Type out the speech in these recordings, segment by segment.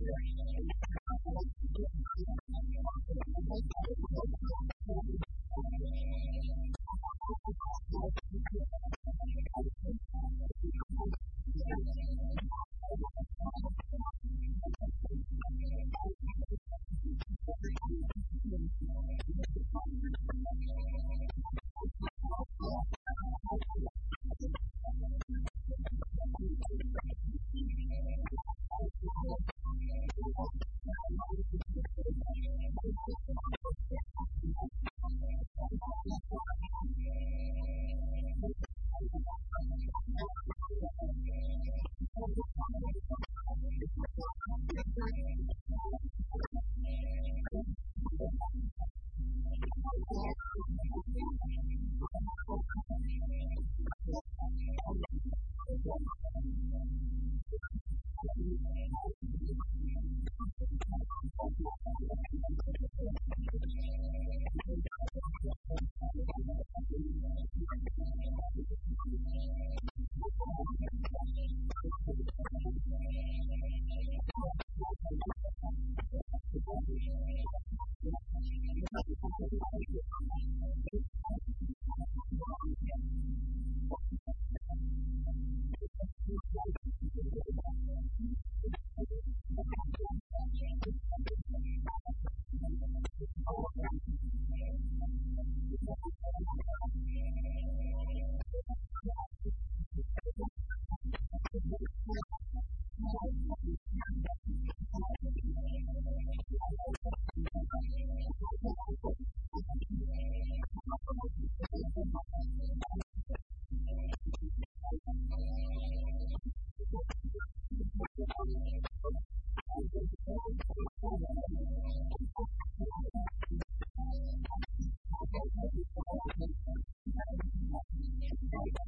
Yeah.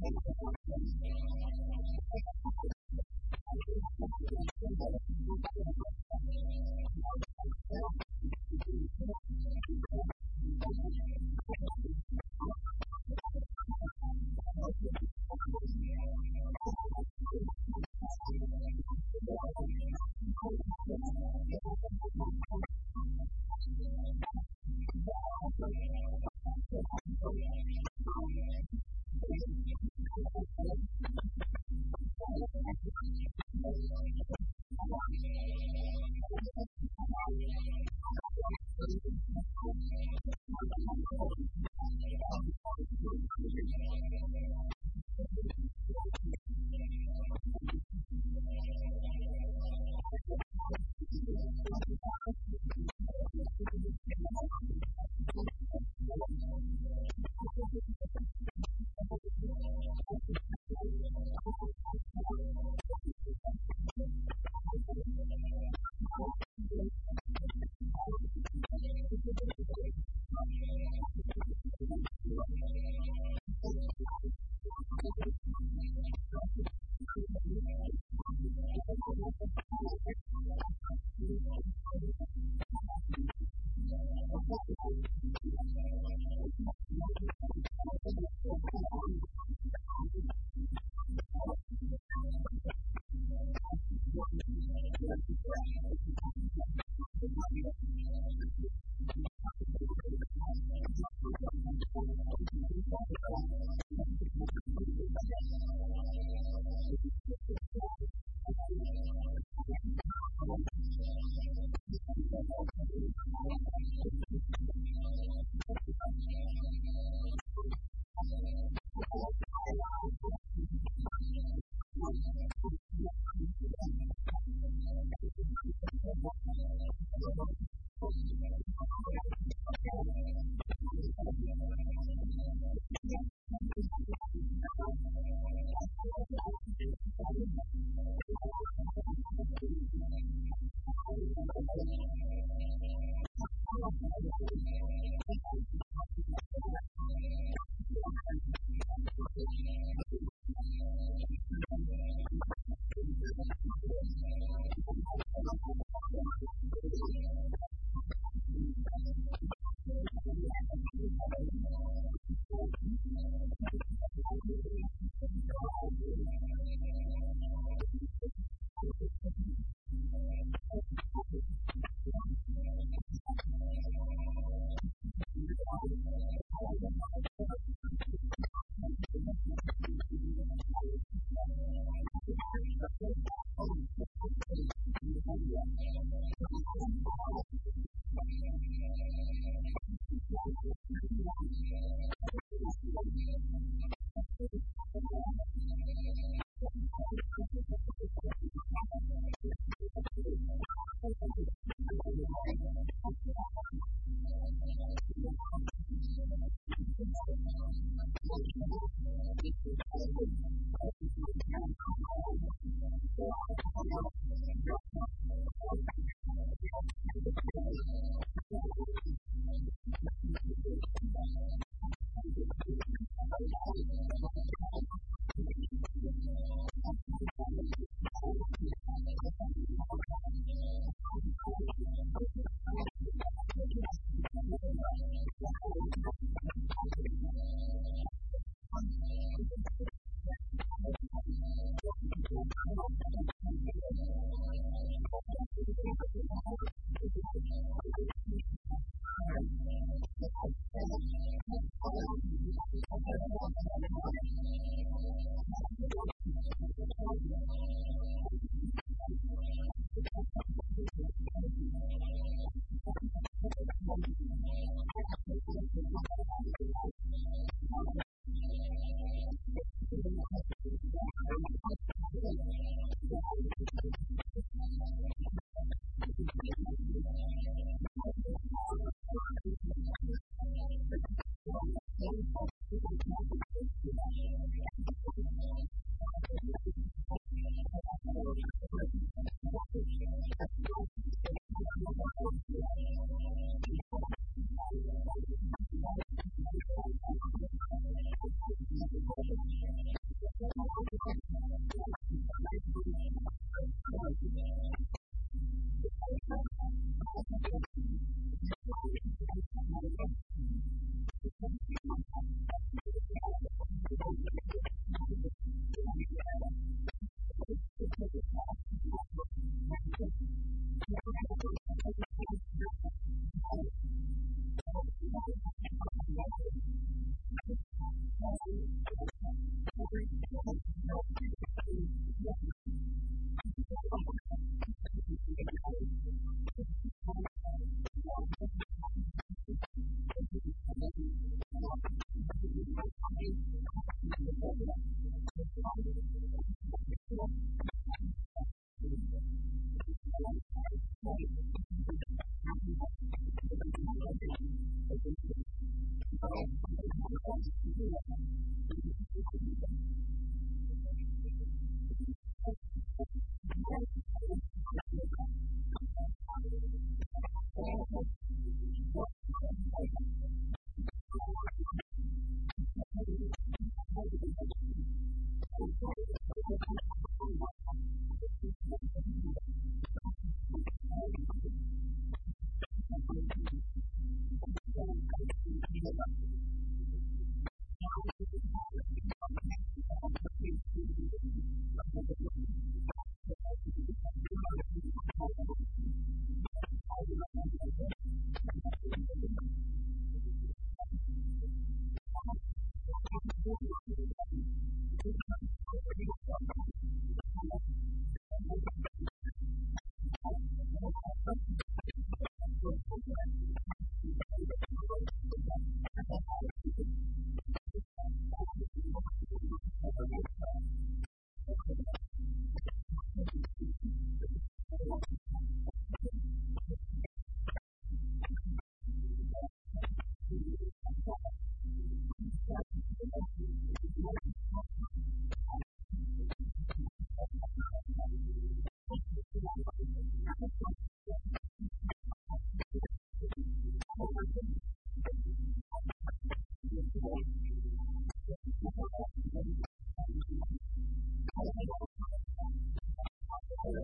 Thank you. that's Thank you.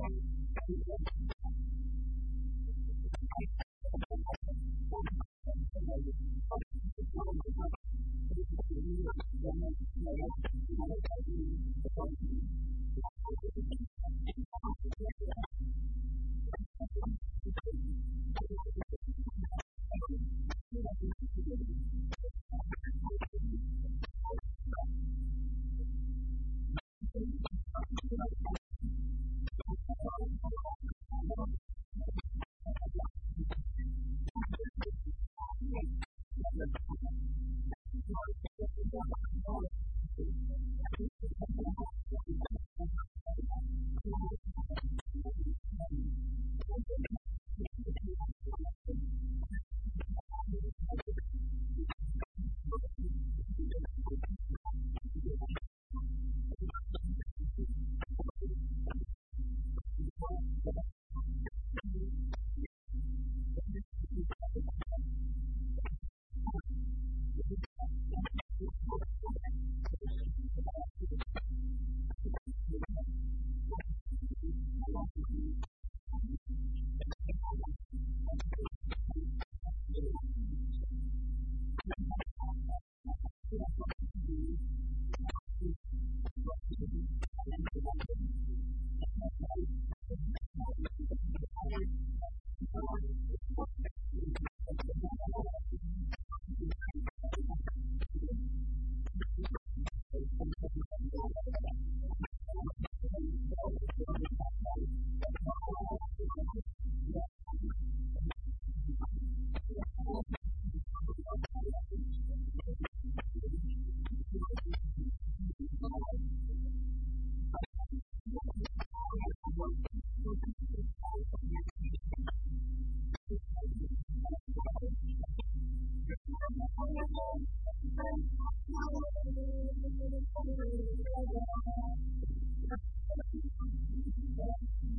and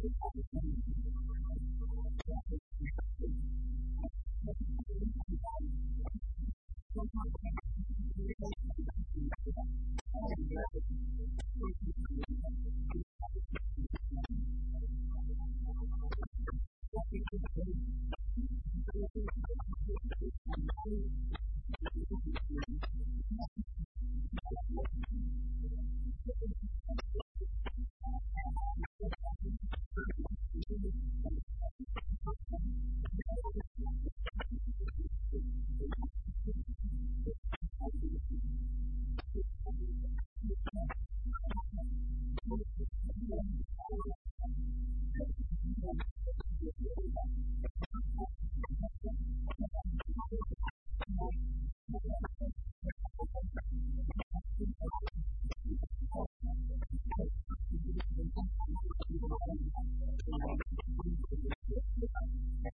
Thank you.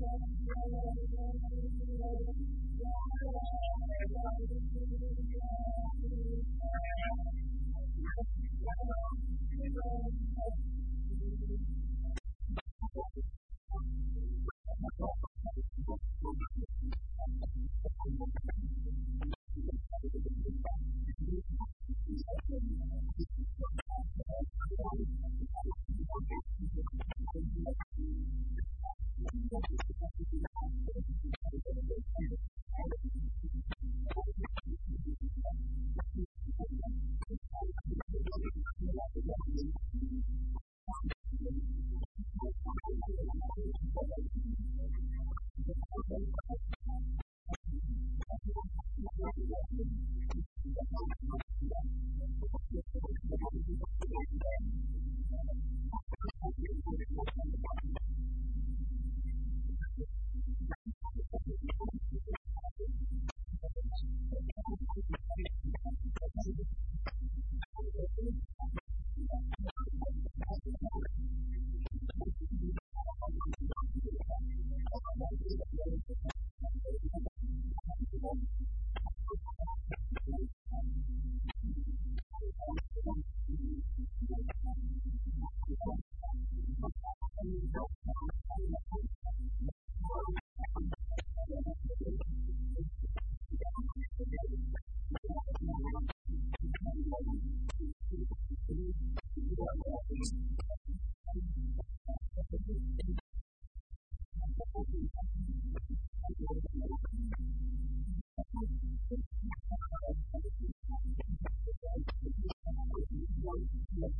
Thank you.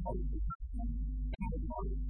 Thank you.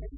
and